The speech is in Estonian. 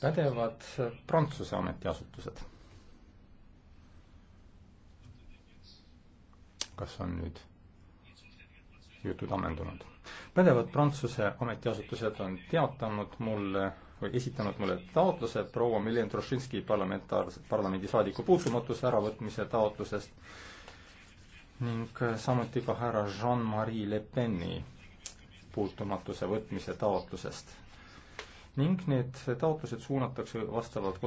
pädevad Prantsuse ametiasutused. kas on nüüd jutud ammendunud? pädevad Prantsuse ametiasutused on teatanud mulle või esitanud mulle taotluse proua Miljen Trošinski parlamentaarse, parlamendisaadiku puutumatuse äravõtmise taotlusest ning samuti ka härra Jean-Marie Le Peni puutumatuse võtmise taotlusest ning need taotlused suunatakse vastavalt kodu-